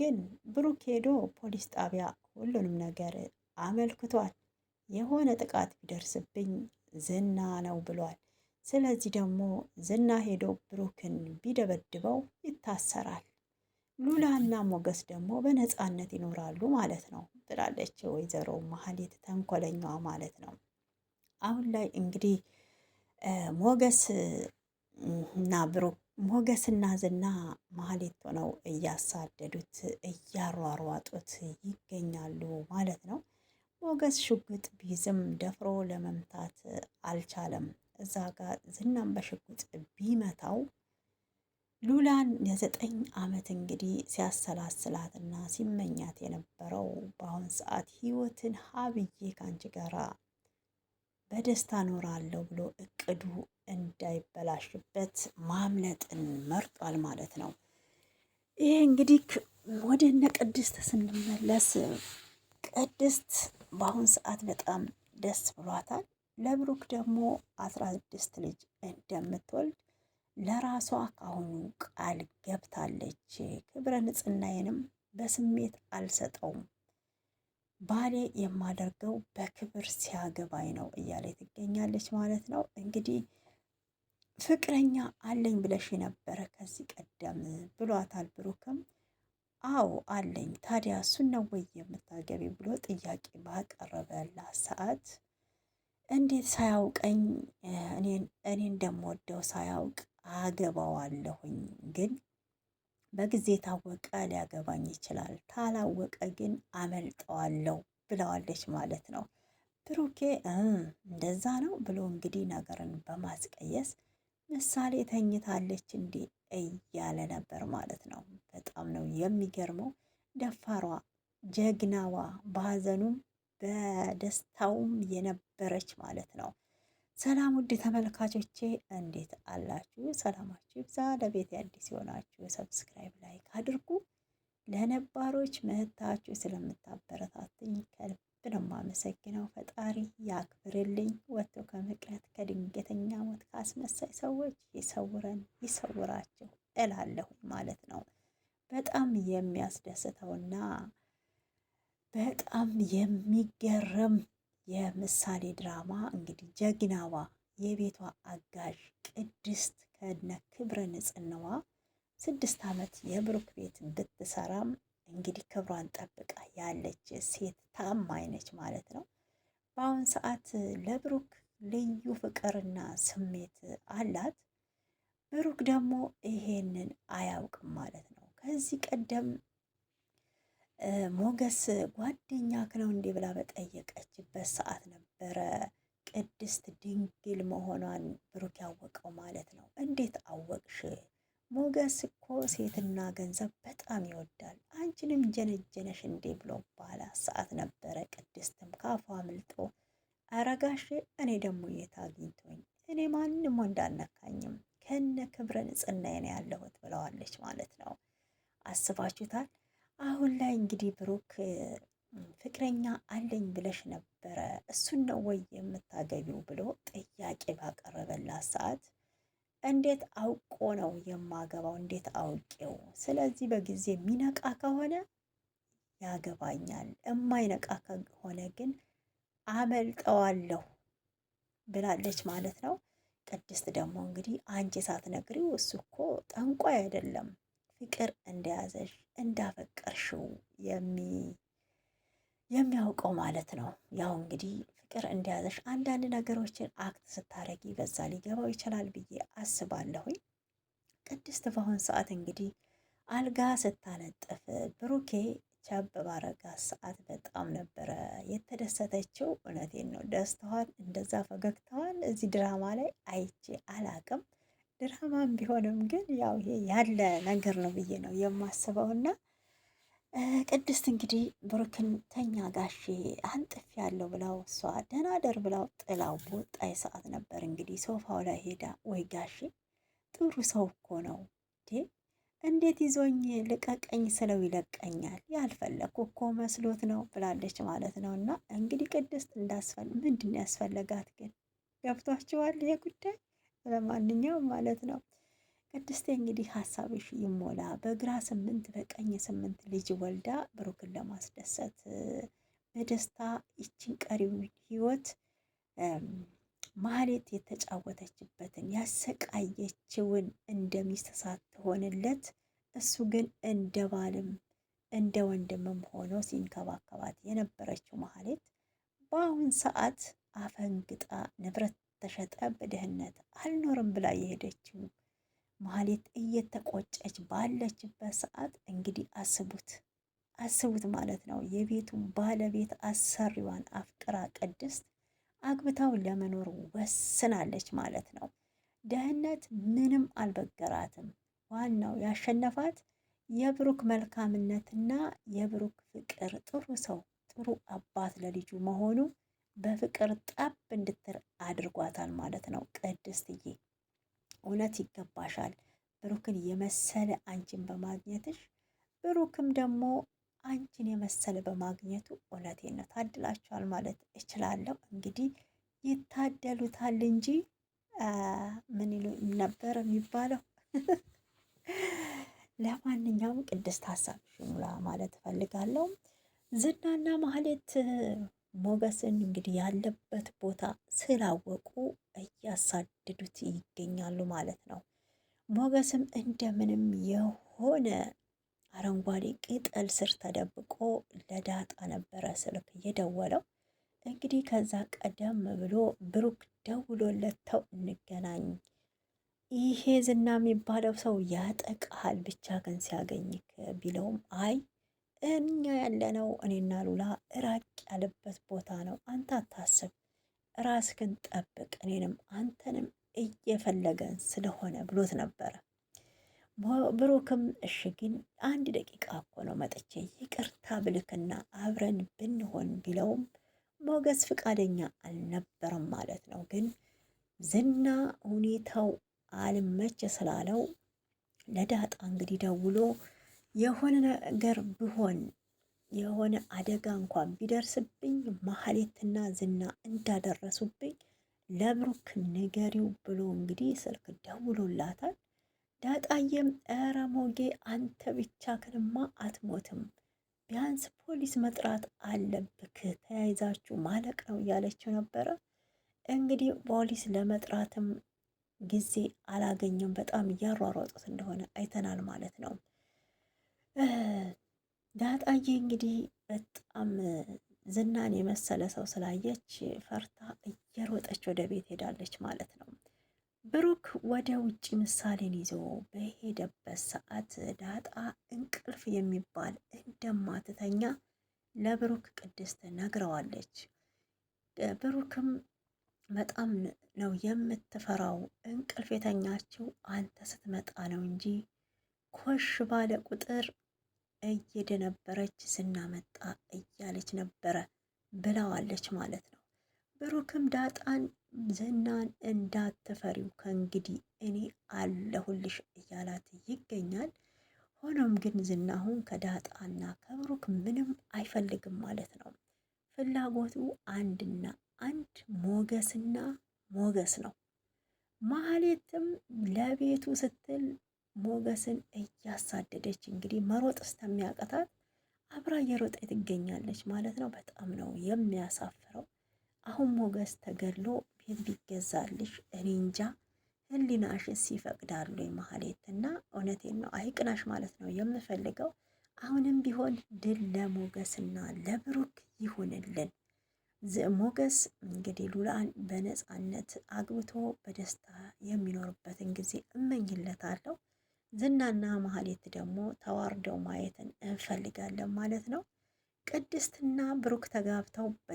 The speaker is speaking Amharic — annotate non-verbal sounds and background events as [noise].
ግን ብሩክ ሄዶ ፖሊስ ጣቢያ ሁሉንም ነገር አመልክቷል። የሆነ ጥቃት ቢደርስብኝ ዝና ነው ብሏል። ስለዚህ ደግሞ ዝና ሄዶ ብሩክን ቢደበድበው ይታሰራል። ሉላና ሞገስ ደግሞ በነፃነት ይኖራሉ ማለት ነው ብላለች ወይዘሮ መሀሌት ተንኮለኛዋ ማለት ነው። አሁን ላይ እንግዲህ ሞገስ እና ብሩክ ሞገስና ዝና ማህሌት ሆነው እያሳደዱት እያሯሯጡት ይገኛሉ ማለት ነው። ሞገስ ሽጉጥ ቢይዝም ደፍሮ ለመምታት አልቻለም። እዛ ጋር ዝናም በሽጉጥ ቢመታው ሉላን የዘጠኝ ዓመት እንግዲህ ሲያሰላስላትና ሲመኛት የነበረው በአሁን ሰዓት ህይወትን ሀብዬ ከአንቺ ጋራ በደስታ ኖራለሁ ብሎ እቅዱ እንዳይበላሽበት ማምለጥን መርጧል ማለት ነው። ይሄ እንግዲህ ወደ እነ ቅድስት ስንመለስ ቅድስት በአሁን ሰዓት በጣም ደስ ብሏታል። ለብሩክ ደግሞ አስራ ስድስት ልጅ እንደምትወልድ ለራሷ ካሁኑ ቃል ገብታለች። ክብረ ንጽሕናዬንም በስሜት አልሰጠውም ባሌ የማደርገው በክብር ሲያገባኝ ነው እያለ ትገኛለች ማለት ነው። እንግዲህ ፍቅረኛ አለኝ ብለሽ ነበረ ከዚህ ቀደም ብሏታል ብሩክም። አዎ አለኝ። ታዲያ እሱን ነው ወይ የምታገቢ ብሎ ጥያቄ ባቀረበላት ሰዓት እንዴት ሳያውቀኝ እኔ እንደምወደው ሳያውቅ አገባዋለሁኝ ግን በጊዜ ታወቀ ሊያገባኝ ይችላል፣ ካላወቀ ግን አመልጠዋለሁ ብለዋለች ማለት ነው። ብሩኬ እንደዛ ነው ብሎ እንግዲህ ነገርን በማስቀየስ ምሳሌ ተኝታለች እንዴ እያለ ነበር ማለት ነው። በጣም ነው የሚገርመው። ደፋሯ ጀግናዋ፣ በሀዘኑም በደስታውም የነበረች ማለት ነው። ሰላም ውድ ተመልካቾቼ እንዴት አላችሁ? ሰላማችሁ ይብዛ። ለቤት አዲስ የሆናችሁ ሰብስክራይብ፣ ላይክ አድርጉ። ለነባሮች መታችሁ ስለምታበረታትኝ ከልብ ነው የማመሰግነው። ፈጣሪ ያክብርልኝ። ወጥቶ ከመቅረት ከድንገተኛ ሞት ካስመሳይ ሰዎች ይሰውረን፣ ይሰውራቸው እላለሁ ማለት ነው። በጣም የሚያስደስተውና በጣም የሚገርም የምሳሌ ድራማ እንግዲህ ጀግናዋ የቤቷ አጋዥ ቅድስት ከነ ክብረ ንጽህናዋ ስድስት ዓመት የብሩክ ቤት ብትሰራም እንግዲህ ክብሯን ጠብቃ ያለች ሴት ታማኝ ነች ማለት ነው። በአሁን ሰዓት ለብሩክ ልዩ ፍቅርና ስሜት አላት። ብሩክ ደግሞ ይሄንን አያውቅም ማለት ነው። ከዚህ ቀደም ሞገስ ጓደኛክ ነው እንዲህ ብላ በጠየቀችበት ሰዓት ነበረ ቅድስት ድንግል መሆኗን ብሩክ ያወቀው ማለት ነው። እንዴት አወቅሽ? ሞገስ እኮ ሴትና ገንዘብ በጣም ይወዳል፣ አንቺንም ጀነጀነሽ እንዴ ብሎ ባላ ሰዓት ነበረ ቅድስትም ካፏ አምልጦ አረጋሽ እኔ ደግሞ የት አግኝቶኝ እኔ ማንም ወንድ አልነካኝም ከነ ክብረ ንጽህናዬ ነው ያለሁት ብለዋለች ማለት ነው። አስባችሁታል? አሁን ላይ እንግዲህ ብሩክ ፍቅረኛ አለኝ ብለሽ ነበረ እሱን ነው ወይ የምታገቢው ብሎ ጥያቄ ባቀረበላት ሰዓት እንዴት አውቆ ነው የማገባው? እንዴት አውቄው? ስለዚህ በጊዜ የሚነቃ ከሆነ ያገባኛል፣ የማይነቃ ከሆነ ግን አመልጠዋለሁ ብላለች ማለት ነው። ቅድስት ደግሞ እንግዲህ አንቺ ሳትነግሪው እሱ እኮ ጠንቋይ አይደለም፣ ፍቅር እንደያዘሽ እንዳፈቀርሽው የሚያውቀው ማለት ነው። ያው እንግዲህ ፍቅር እንደያዘሽ አንዳንድ ነገሮችን አክት ስታደረጊ በዛ ሊገባው ይችላል ብዬ አስባለሁኝ። ቅድስት በአሁን ሰዓት እንግዲህ አልጋ ስታነጥፍ ብሩኬ ቸብ ባረጋ ሰዓት በጣም ነበረ የተደሰተችው። እውነቴን ነው። ደስታዋን እንደዛ ፈገግታዋን እዚህ ድራማ ላይ አይቼ አላቅም። ድራማም ቢሆንም ግን ያው ይሄ ያለ ነገር ነው ብዬ ነው የማስበው። እና ቅድስት እንግዲህ ብሩክን ተኛ ጋሼ አንጥፍ ያለው ብላው እሷ ደናደር ብላው ጥላው በወጣይ ሰዓት ነበር እንግዲህ ሶፋው ላይ ሄዳ ወይ ጋሼ ጥሩ ሰው እኮ ነው እንዴት ይዞኝ ልቀቀኝ ስለው ይለቀኛል ያልፈለግኩ እኮ መስሎት ነው ብላለች ማለት ነው። እና እንግዲህ ቅድስት እንዳስፈል ምንድን ያስፈለጋት ግን ገብቷችኋል ይሄ ጉዳይ ለማንኛውም ማለት ነው ቅድስቴ እንግዲህ ሀሳብሽ ይሞላ። በግራ ስምንት በቀኝ ስምንት ልጅ ወልዳ ብሩክን ለማስደሰት በደስታ ይችን ቀሪው ህይወት ማህሌት የተጫወተችበትን ያሰቃየችውን እንደ ሚስት ሳትሆንለት እሱ ግን እንደ ባልም እንደ ወንድምም ሆኖ ሲንከባከባት የነበረችው ማህሌት በአሁን ሰዓት አፈንግጣ ንብረት ተሸጠ በድህነት አልኖርም ብላ የሄደችው ማህሌት እየተቆጨች ባለችበት ሰዓት እንግዲህ አስቡት አስቡት ማለት ነው። የቤቱ ባለቤት አሰሪዋን አፍቅራ ቅድስት አግብታው ለመኖር ወስናለች ማለት ነው። ደህነት ምንም አልበገራትም። ዋናው ያሸነፋት የብሩክ መልካምነትና የብሩክ ፍቅር፣ ጥሩ ሰው፣ ጥሩ አባት ለልጁ መሆኑ በፍቅር ጠብ እንድትር አድርጓታል ማለት ነው። ቅድስትዬ እውነት ይገባሻል ብሩክን የመሰለ አንቺን በማግኘትሽ፣ ብሩክም ደግሞ አንቺን የመሰለ በማግኘቱ እውነቴን ነው ታድላችኋል ማለት እችላለሁ። እንግዲህ ይታደሉታል እንጂ ምን ይሉ ነበር የሚባለው? [laughs] ለማንኛውም ቅድስት ሀሳብሽ ሙላ ማለት እፈልጋለሁ። ዝናና ማህሌት ሞገስን እንግዲህ ያለበት ቦታ ስላወቁ እያሳደዱት ይገኛሉ ማለት ነው። ሞገስም እንደምንም የሆነ አረንጓዴ ቅጠል ስር ተደብቆ ለዳጣ ነበረ ስልክ የደወለው። እንግዲህ ከዛ ቀደም ብሎ ብሩክ ደውሎለት ተው እንገናኝ፣ ይሄ ዝና የሚባለው ሰው ያጠቃሃል ብቻ ግን ሲያገኝክ ቢለውም አይ እኛ ያለነው እኔና ሉላ ራቅ ያለበት ቦታ ነው። አንተ አታስብ፣ ራስህን ጠብቅ፣ እኔንም አንተንም እየፈለገን ስለሆነ ብሎት ነበረ። ብሩክም እሺ ግን አንድ ደቂቃ እኮ ነው መጥቼ ይቅርታ ብልክና አብረን ብንሆን ቢለውም ሞገስ ፍቃደኛ አልነበረም ማለት ነው። ግን ዝና ሁኔታው አልመች ስላለው ለዳጣ እንግዲህ ደውሎ የሆነ ነገር ብሆን የሆነ አደጋ እንኳን ቢደርስብኝ ማህሌትና ዝና እንዳደረሱብኝ ለብሩክ ንገሪው ብሎ እንግዲህ ስልክ ደውሎላታል። ዳጣየም ኧረ ሞጌ አንተ ብቻ ክንማ አትሞትም፣ ቢያንስ ፖሊስ መጥራት አለብክ፣ ተያይዛችሁ ማለቅ ነው እያለችው ነበረ። እንግዲህ ፖሊስ ለመጥራትም ጊዜ አላገኘም። በጣም እያሯሯጡት እንደሆነ አይተናል ማለት ነው። ዳጣዬ እንግዲህ በጣም ዝናን የመሰለ ሰው ስላየች ፈርታ እየሮጠች ወደ ቤት ሄዳለች ማለት ነው። ብሩክ ወደ ውጭ ምሳሌን ይዞ በሄደበት ሰዓት ዳጣ እንቅልፍ የሚባል እንደማትተኛ ለብሩክ ቅድስት ነግረዋለች። ብሩክም በጣም ነው የምትፈራው፣ እንቅልፍ የተኛችው አንተ ስትመጣ ነው እንጂ ኮሽ ባለ ቁጥር እየደነበረች ስናመጣ እያለች ነበረ ብለዋለች ማለት ነው። ብሩክም ዳጣን ዝናን እንዳትፈሪው ከእንግዲህ እኔ አለሁልሽ እያላት ይገኛል። ሆኖም ግን ዝና አሁን ከዳጣና ከብሩክ ምንም አይፈልግም ማለት ነው። ፍላጎቱ አንድና አንድ ሞገስና ሞገስ ነው። ማህሌትም ለቤቱ ስትል ሞገስን እያሳደደች እንግዲህ መሮጥ እስከሚያቀታት አብራ እየሮጠ ትገኛለች ማለት ነው። በጣም ነው የሚያሳፍረው። አሁን ሞገስ ተገድሎ ቤት ቢገዛልሽ እኔ እንጃ ህሊናሽስ ይፈቅዳሉ? ማህሌት እና እውነቴን ነው አይቅናሽ ማለት ነው የምፈልገው። አሁንም ቢሆን ድል ለሞገስና ለብሩክ ይሁንልን። ሞገስ እንግዲህ ሉላን በነፃነት አግብቶ በደስታ የሚኖርበትን ጊዜ እመኝለታለሁ። ዝናና ማህሌት ደግሞ ተዋርደው ማየትን እንፈልጋለን ማለት ነው። ቅድስትና ብሩክ ተጋብተው